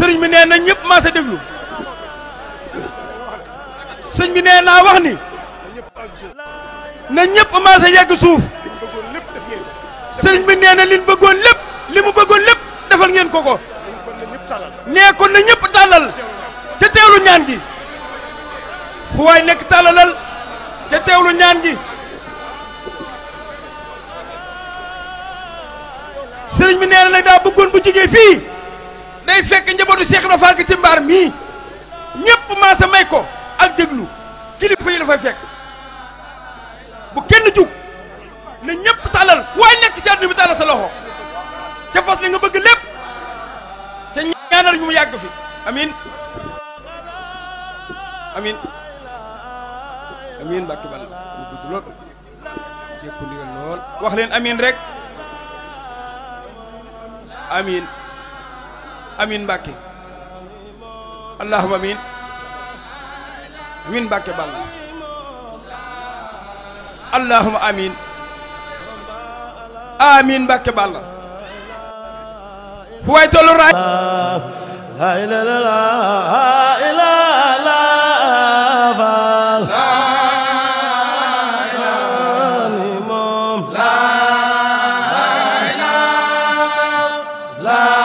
sëriñ bi nee na ñëpp maa sa déglu sëñ bi nee naa wax ni na ñëpp maa sa yegg suuf sëriñ bi nee na li bëggoon lépp li mu bëggoon lépp defal ngeen ko ko nee kon na ñëpp tàllal ca teewlu ñaan gi fu waay nekk tàllalal ca teewlu ñaan gi sëriñ bi nee na nag daa bëggoon bu jigee fii day fekk njabootu Cheikh Ibra Fall gi ci mbaar mii ñëpp maa may ko ak déglu kilifa yi la fay fekk bu kenn jug na ñëpp tàllal waaye nekk ci àdduna bi tàllal sa loxo ca fas li nga bëgg lépp te ñaanal ñu mu yàgg fi amin amin amin Balla ñu gudd lool jekku rek amin amin Mbàkke allahuma amin amin Mbàkke bal allahuma amin amin Mbàkke bal fu waay tollu raay la ilaha illallah la